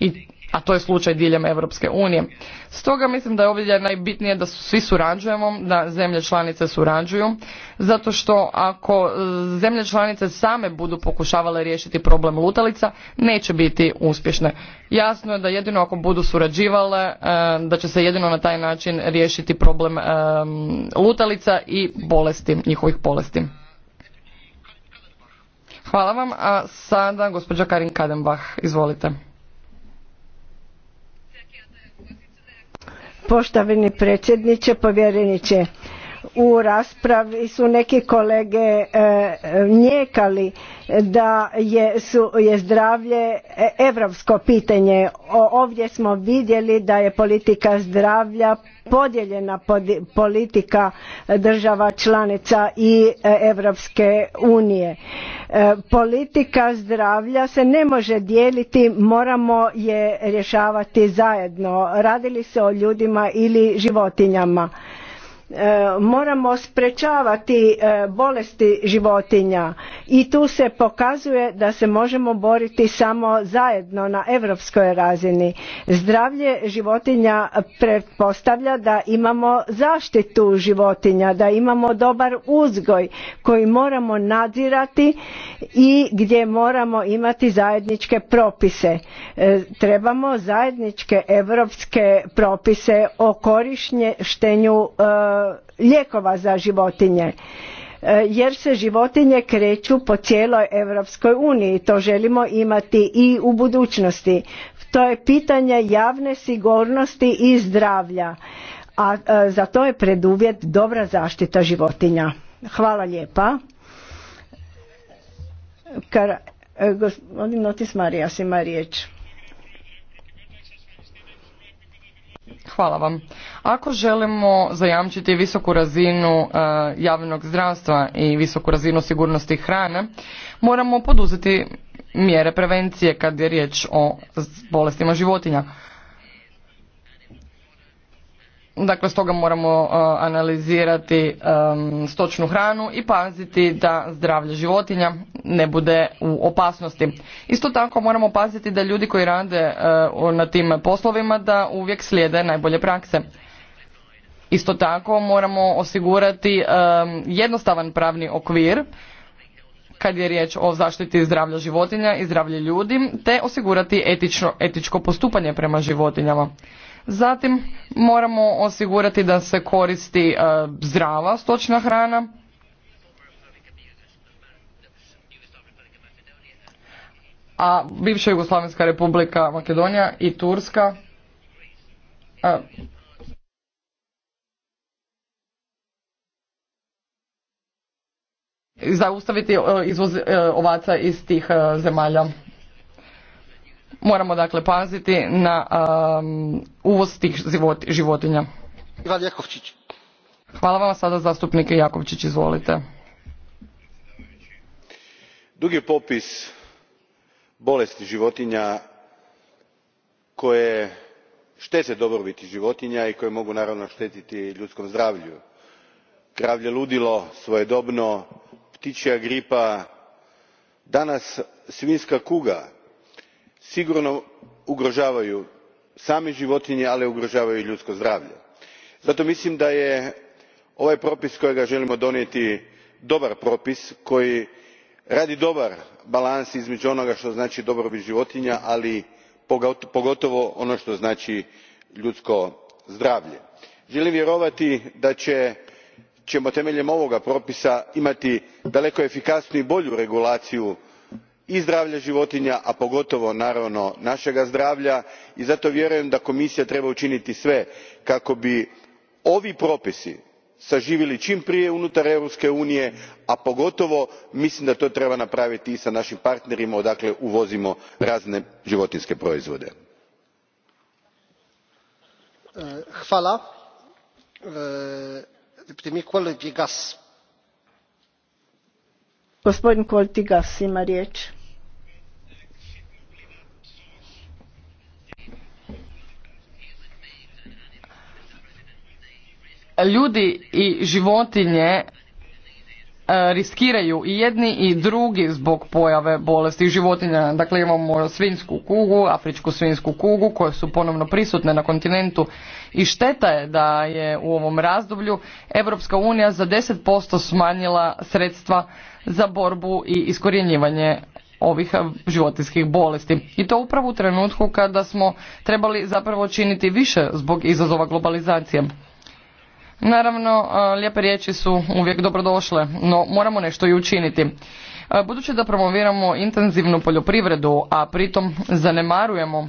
I a to je slučaj diljem Europske unije. Stoga mislim da je ovdje najbitnije da svi surađujemo, da zemlje članice surađuju, zato što ako e, zemlje članice same budu pokušavale riješiti problem lutalica, neće biti uspješne. Jasno je da jedino ako budu surađivale, e, da će se jedino na taj način riješiti problem e, lutalica i bolesti, njihovih bolesti. Hvala vam, a sada gospođa Karin Kadenbach, izvolite. poštovani predsjedniče, povjereniče, u raspravi su neki kolege e, e, njekali da je, je zdravlje europsko pitanje. Ovdje smo vidjeli da je politika zdravlja podijeljena politika država članica i Europske unije. E, politika zdravlja se ne može dijeliti, moramo je rješavati zajedno. Radili se o ljudima ili životinjama. E, moramo sprečavati e, bolesti životinja i tu se pokazuje da se možemo boriti samo zajedno na europskoj razini zdravlje životinja pretpostavlja da imamo zaštitu životinja da imamo dobar uzgoj koji moramo nadzirati i gdje moramo imati zajedničke propise e, trebamo zajedničke europske propise o korištenju lijekova za životinje e, jer se životinje kreću po cijeloj Europskoj uniji. To želimo imati i u budućnosti. To je pitanje javne sigurnosti i zdravlja, a e, za to je preduvjet dobra zaštita životinja. Hvala lijepa. Kar, e, gospodin Notis Marijas ima riječ. Hvala vam. Ako želimo zajamčiti visoku razinu e, javnog zdravstva i visoku razinu sigurnosti hrane, moramo poduzeti mjere prevencije kad je riječ o bolestima životinja. Dakle, stoga moramo uh, analizirati um, stočnu hranu i paziti da zdravlje životinja ne bude u opasnosti. Isto tako moramo paziti da ljudi koji rade uh, na tim poslovima da uvijek slijede najbolje prakse. Isto tako moramo osigurati um, jednostavan pravni okvir kad je riječ o zaštiti zdravlja životinja i zdravlje ljudi, te osigurati etično, etičko postupanje prema životinjama. Zatim moramo osigurati da se koristi e, zdrava stočna hrana. A bivša Jugoslavenska republika Makedonija i Turska e, zaustaviti e, izvoz ovaca iz tih zemalja. Moramo dakle paziti na um, uvoz tih životinja. Hvala vam sada zastupnike Jakovčić, izvolite. Dugi popis bolesti životinja koje štete dobrobiti životinja i koje mogu naravno štetiti ljudskom zdravlju. Kravlje ludilo, svojedobno, ptičja gripa, danas svinska kuga sigurno ugrožavaju same životinje ali ugrožavaju i ljudsko zdravlje. zato mislim da je ovaj propis kojega želimo donijeti dobar propis koji radi dobar balans između onoga što znači dobrobit životinja ali pogotovo ono što znači ljudsko zdravlje. želim vjerovati da ćemo temeljem ovoga propisa imati daleko efikasniju i bolju regulaciju i zdravlja životinja a pogotovo naravno našega zdravlja i zato vjerujem da komisija treba učiniti sve kako bi ovi propisi saživjeli čim prije unutar europske unije a pogotovo mislim da to treba napraviti i s našim partnerima odakle uvozimo razne životinjske proizvode. Eh, eh, gospodin ljudi i životinje e, riskiraju i jedni i drugi zbog pojave bolesti životinja. Dakle, imamo svinsku kugu, afričku svinsku kugu koje su ponovno prisutne na kontinentu i šteta je da je u ovom razdoblju Europska unija za 10% smanjila sredstva za borbu i iskorjenjivanje ovih životinskih bolesti. I to upravo u trenutku kada smo trebali zapravo činiti više zbog izazova globalizacije. Naravno, e, lijepe riječi su uvijek dobrodošle, no moramo nešto i učiniti. E, budući da promoviramo intenzivnu poljoprivredu, a pritom zanemarujemo e,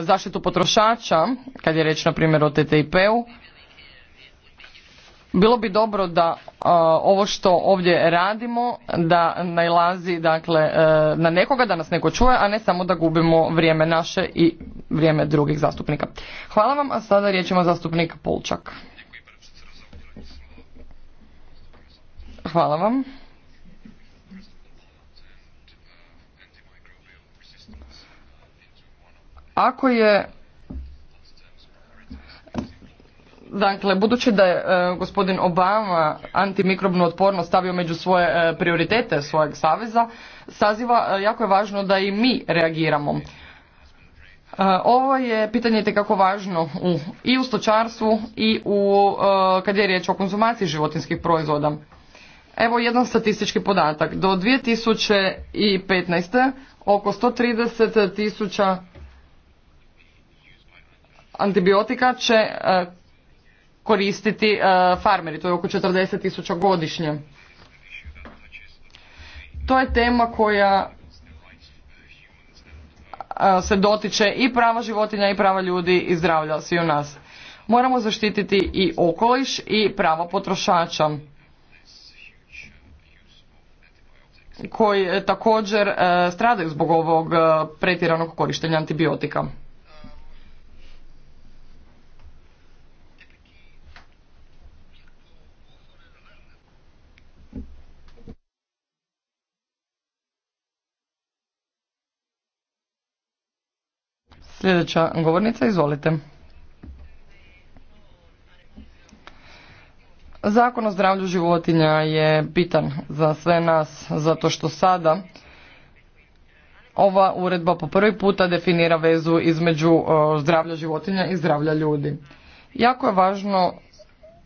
zaštitu potrošača, kad je reč na primjer o TTIP-u, bilo bi dobro da ovo što ovdje radimo da najlazi dakle e, na nekoga da nas neko čuje a ne samo da gubimo vrijeme naše i vrijeme drugih zastupnika hvala vam a sada riječ ima zastupnik polčak hvala vam ako je Dakle, budući da je e, gospodin Obama antimikrobnu otpornost stavio među svoje e, prioritete svojeg saveza, saziva e, jako je važno da i mi reagiramo. Ovo je pitanje tekako važno u, i u stočarstvu i u, kad je riječ o konzumaciji životinskih proizvoda. Evo jedan statistički podatak. Do 2015. oko 130 tisuća antibiotika će koristiti e, farmeri, to je oko 40 tisuća godišnje. To je tema koja e, se dotiče i prava životinja i prava ljudi i zdravlja svi u nas. Moramo zaštititi i okoliš i prava potrošača koji e, također stradaju zbog ovog pretjeranog korištenja antibiotika. Sljedeća govornica, izvolite. Zakon o zdravlju životinja je bitan za sve nas, zato što sada ova uredba po prvi puta definira vezu između zdravlja životinja i zdravlja ljudi. Jako je važno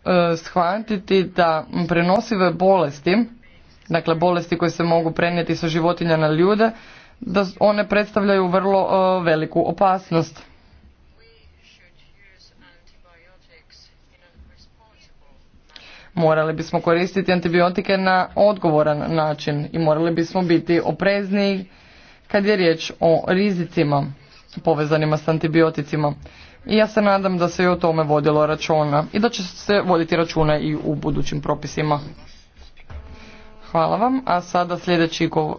e, shvatiti da prenosive bolesti, dakle bolesti koje se mogu prenijeti sa životinja na ljude, da one predstavljaju vrlo e, veliku opasnost. Morali bismo koristiti antibiotike na odgovoran način i morali bismo biti oprezni kad je riječ o rizicima povezanima s antibioticima. I ja se nadam da se i o tome vodilo računa i da će se voditi računa i u budućim propisima. Hvala vam, a sada sljedeći govor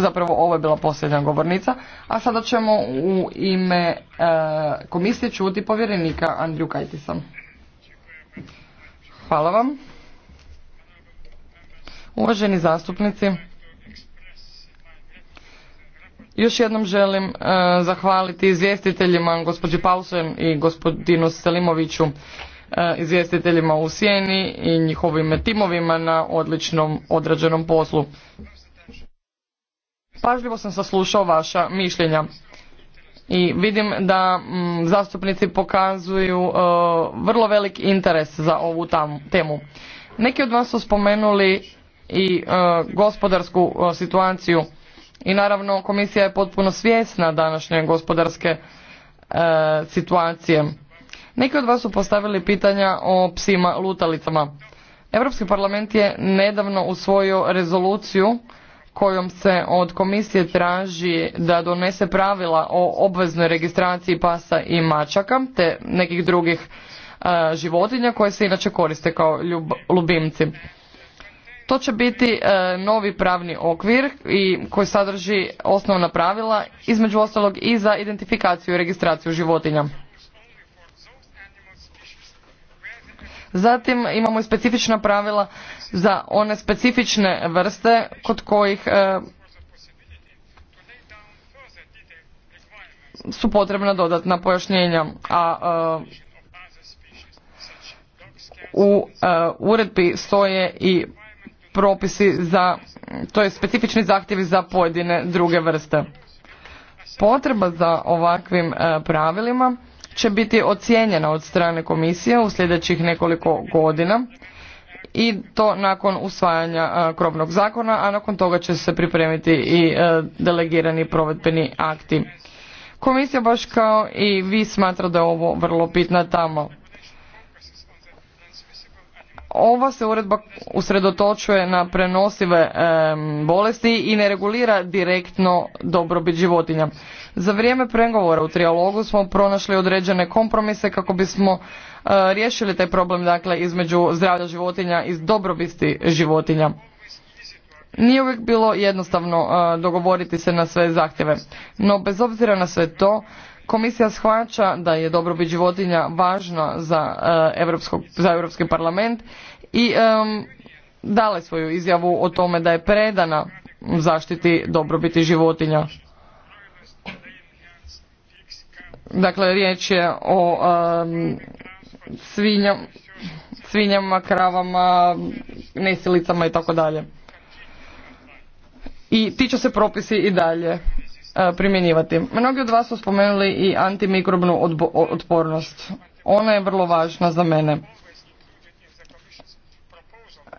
zapravo ovo je bila posljednja govornica, a sada ćemo u ime e, komisije čuti povjerenika Andriju Kajtisa. Hvala vam. Uvaženi zastupnici, još jednom želim e, zahvaliti izvjestiteljima gospođi Pausen i gospodinu Selimoviću, e, izvjestiteljima u Sjeni i njihovim timovima na odličnom odrađenom poslu. Pažljivo sam saslušao vaša mišljenja i vidim da mm, zastupnici pokazuju e, vrlo velik interes za ovu tam, temu. Neki od vas su spomenuli i e, gospodarsku e, situaciju i naravno komisija je potpuno svjesna današnje gospodarske situacije. Neki od vas su postavili pitanja o psima lutalicama. Europski parlament je nedavno usvojio rezoluciju kojom se od komisije traži da donese pravila o obveznoj registraciji pasa i mačaka te nekih drugih e, životinja koje se inače koriste kao ljubimci. To će biti e, novi pravni okvir i koji sadrži osnovna pravila između ostalog i za identifikaciju i registraciju životinja. Zatim imamo i specifična pravila za one specifične vrste kod kojih e, su potrebna dodatna pojašnjenja. A e, u e, uredbi stoje i propisi za, to je specifični zahtjevi za pojedine druge vrste. Potreba za ovakvim pravilima će biti ocijenjena od strane komisije u sljedećih nekoliko godina i to nakon usvajanja krovnog zakona, a nakon toga će se pripremiti i e, delegirani provedbeni akti. Komisija baš kao i vi smatra da je ovo vrlo bitna tamo. Ova se uredba usredotočuje na prenosive bolesti i ne regulira direktno dobrobit životinja. Za vrijeme pregovora u trijalogu smo pronašli određene kompromise kako bismo e, riješili taj problem dakle između zdravlja životinja i dobrobiti životinja. Nije uvijek bilo jednostavno e, dogovoriti se na sve zahtjeve, no bez obzira na sve to, komisija shvaća da je dobrobit životinja važna za, e, Europski parlament i dale dala svoju izjavu o tome da je predana zaštiti dobrobiti životinja. Dakle, riječ je o um, svinjama, kravama, nesilicama i tako dalje. I ti će se propisi i dalje uh, primjenjivati. Mnogi od vas su spomenuli i antimikrobnu otpornost. Ona je vrlo važna za mene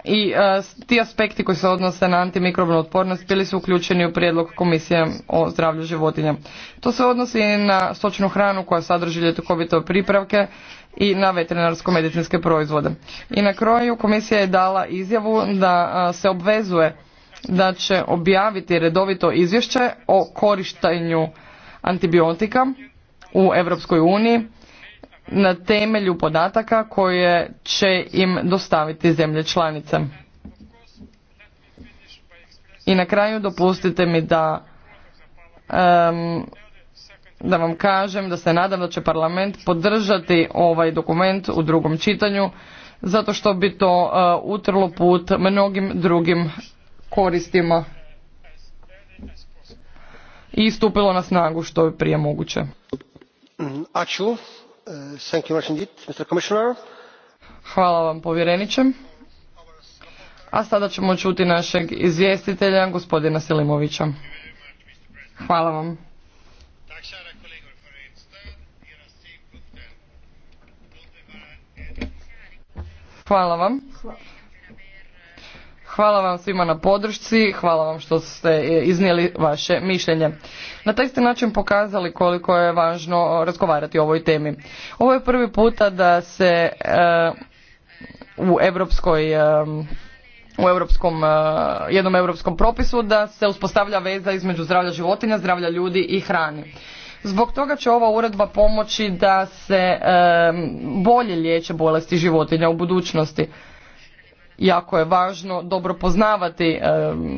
i e, ti aspekti koji se odnose na antimikrobnu otpornost bili su uključeni u prijedlog komisije o zdravlju životinja. To se odnosi i na stočnu hranu koja sadrži ljetukovite pripravke i na veterinarsko-medicinske proizvode. I na kraju komisija je dala izjavu da e, se obvezuje da će objaviti redovito izvješće o korištenju antibiotika u Europskoj uniji na temelju podataka koje će im dostaviti zemlje članice. I na kraju dopustite mi da da vam kažem da se nadam da će parlament podržati ovaj dokument u drugom čitanju zato što bi to eh, utrlo put mnogim drugim koristima i stupilo na snagu što je prije moguće. Mm, Aču. Uh, Hvala vam povjereniče. A sada ćemo čuti našeg izvjestitelja, gospodina Selimovića. Hvala vam. Hvala vam. Hvala vam svima na podršci, hvala vam što ste e, iznijeli vaše mišljenje. Na taj ste način pokazali koliko je važno razgovarati o ovoj temi. Ovo je prvi puta da se e, u Evropskoj... E, u europskom, jednom europskom propisu da se uspostavlja veza između zdravlja životinja, zdravlja ljudi i hrani. Zbog toga će ova uredba pomoći da se bolje liječe bolesti životinja u budućnosti jako je važno dobro poznavati e,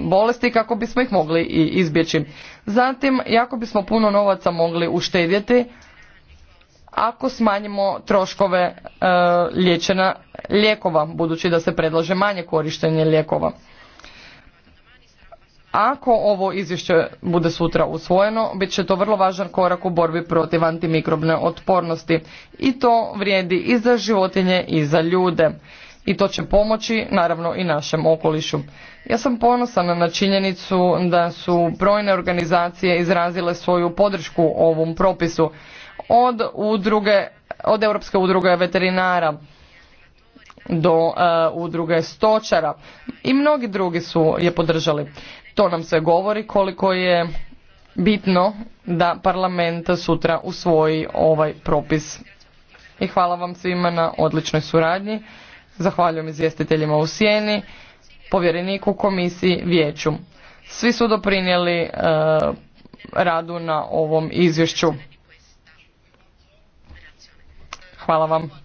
bolesti kako bismo ih mogli i izbjeći. Zatim, jako bismo puno novaca mogli uštedjeti ako smanjimo troškove e, liječena lijekova, budući da se predlaže manje korištenje lijekova. Ako ovo izvješće bude sutra usvojeno, bit će to vrlo važan korak u borbi protiv antimikrobne otpornosti i to vrijedi i za životinje i za ljude i to će pomoći naravno i našem okolišu. Ja sam ponosan na činjenicu da su brojne organizacije izrazile svoju podršku ovom propisu od udruge, od Europske udruge veterinara do uh, udruge stočara i mnogi drugi su je podržali. To nam se govori koliko je bitno da parlament sutra usvoji ovaj propis. I hvala vam svima na odličnoj suradnji. Zahvaljujem izvjestiteljima u sjeni, povjereniku, komisiji, vijeću. Svi su doprinijeli e, radu na ovom izvješću. Hvala vam.